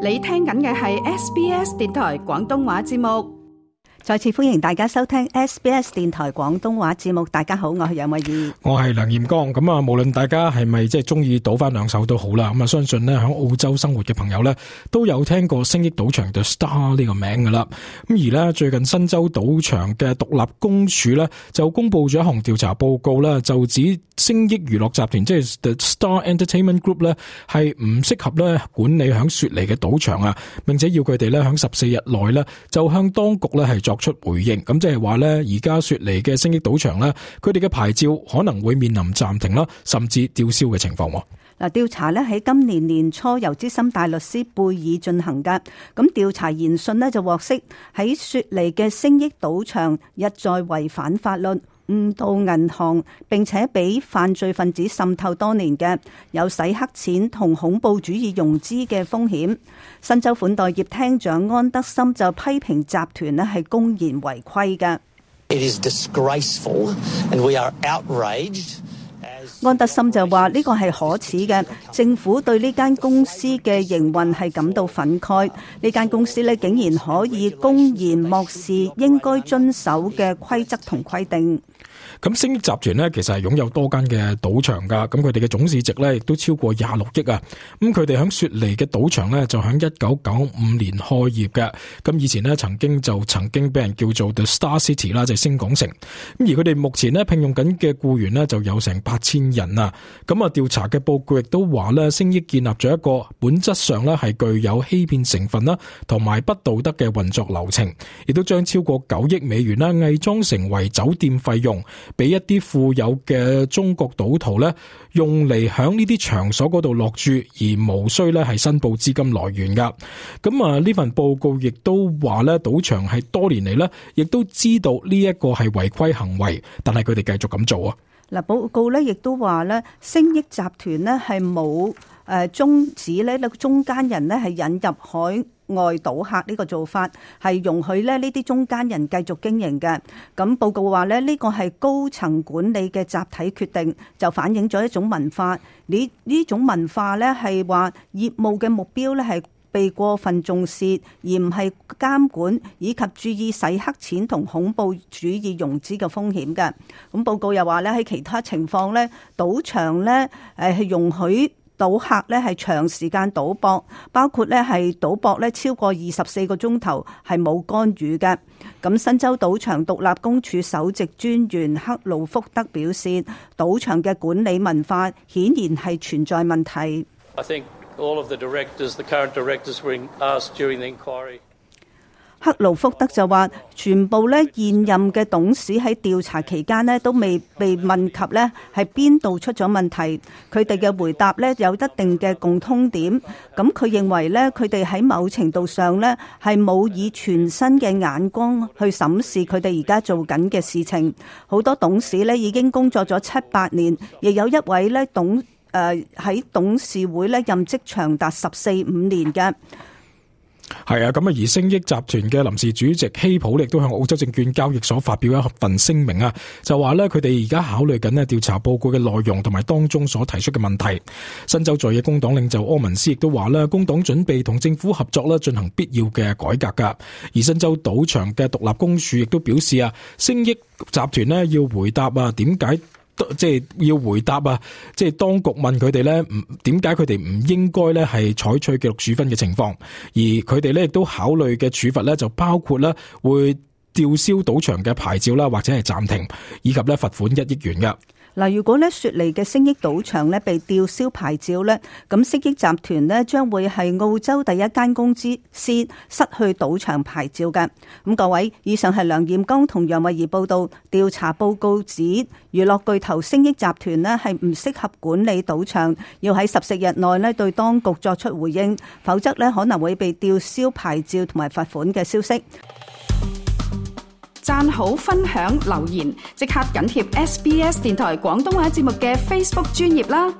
你聽緊嘅係 SBS 電台廣東話節目。再次歡迎大家收聽 SBS 電台廣東話節目。大家好，我係楊慧怡，我係梁豔光。咁啊，無論大家係咪即係中意賭翻兩手都好啦。咁啊，相信咧響澳洲生活嘅朋友咧，都有聽過星億賭場嘅 Star 呢個名噶啦。咁而咧，最近新州賭場嘅獨立公署咧，就公布咗一項調查報告咧，就指星億娛樂集團即係 Star Entertainment Group 咧，係唔適合咧管理響雪梨嘅賭場啊，並且要佢哋咧響十四日內咧，就向當局咧係作。出回應，咁即係話呢，而家雪梨嘅星億賭場呢，佢哋嘅牌照可能會面臨暫停啦，甚至吊銷嘅情況。嗱，調查呢，喺今年年初由資深大律師貝爾進行噶，咁調查研訊呢，就獲悉喺雪梨嘅星億賭場一再違反法律。誤導銀行，並且俾犯罪分子滲透多年嘅，有洗黑錢同恐怖主義融資嘅風險。新州款待業廳長安德森就批評集團呢係公然違規嘅。It is 安德森就話：呢個係可恥嘅，政府對呢間公司嘅營運係感到憤慨，呢間公司咧竟然可以公然漠視應該遵守嘅規則同規定。咁星億集團咧，其實係擁有多間嘅賭場噶，咁佢哋嘅總市值咧，亦都超過廿六億啊。咁佢哋響雪梨嘅賭場咧，就響一九九五年開業嘅。咁以前咧，曾經就曾經俾人叫做 The Star City 啦，就係星港城。咁而佢哋目前咧聘用緊嘅僱員咧，就有成八千人啊。咁啊，調查嘅報告亦都話咧，星億建立咗一個本質上咧係具有欺騙成分啦、啊，同埋不道德嘅運作流程，亦都將超過九億美元啦、啊，偽裝成為酒店費用。俾一啲富有嘅中國賭徒咧，用嚟響呢啲場所嗰度落注，而無需咧係申報資金來源噶。咁啊，呢份報告亦都話咧，賭場係多年嚟咧，亦都知道呢一個係違規行為，但係佢哋繼續咁做啊。嗱，報告咧亦都話咧，星億集團呢係冇誒終止咧，呢個中間人呢係引入海外賭客呢個做法係容許咧呢啲中間人繼續經營嘅。咁報告話呢，呢個係高層管理嘅集體決定，就反映咗一種文化。你呢種文化呢係話業務嘅目標呢係被過分重視，而唔係監管以及注意洗黑錢同恐怖主義融資嘅風險嘅。咁報告又話呢，喺其他情況呢，賭場呢誒係容許賭客咧，係長時間賭博，包括咧係賭博咧超過二十四個鐘頭係冇干預嘅。咁新州賭場獨立公署首席專員克魯福德表示，賭場嘅管理文化顯然係存在問題。I think all of the 克勞福德就話，全部咧現任嘅董事喺調查期間呢都未被問及呢係邊度出咗問題，佢哋嘅回答呢有一定嘅共通點。咁佢認為呢佢哋喺某程度上呢係冇以全新嘅眼光去審視佢哋而家做緊嘅事情。好多董事呢已經工作咗七八年，亦有一位呢董誒喺、呃、董事會呢任職長達十四五年嘅。係啊，咁啊，而星億集團嘅臨時主席希普亦都向澳洲證券交易所發表一份聲明啊，就話咧佢哋而家考慮緊呢調查報告嘅內容同埋當中所提出嘅問題。新州在野工黨領袖柯文斯亦都話咧，工黨準備同政府合作咧進行必要嘅改革噶。而新州賭場嘅獨立公署亦都表示啊，星億集團呢要回答啊點解。即係要回答啊！即係當局問佢哋咧，唔點解佢哋唔應該咧係採取記錄處分嘅情況，而佢哋咧亦都考慮嘅處罰咧就包括咧會吊銷賭場嘅牌照啦，或者係暫停，以及咧罰款一億元㗎。嗱，如果咧雪梨嘅星億賭場咧被吊銷牌照咧，咁星億集團咧將會係澳洲第一間公司先失去賭場牌照嘅。咁各位，以上係梁艷剛同楊慧怡報道，調查報告指娛樂巨頭星億集團咧係唔適合管理賭場，要喺十四日內咧對當局作出回應，否則咧可能會被吊銷牌照同埋罰款嘅消息。讚好、分享、留言，即刻緊貼 SBS 電台廣東話節目嘅 Facebook 專頁啦！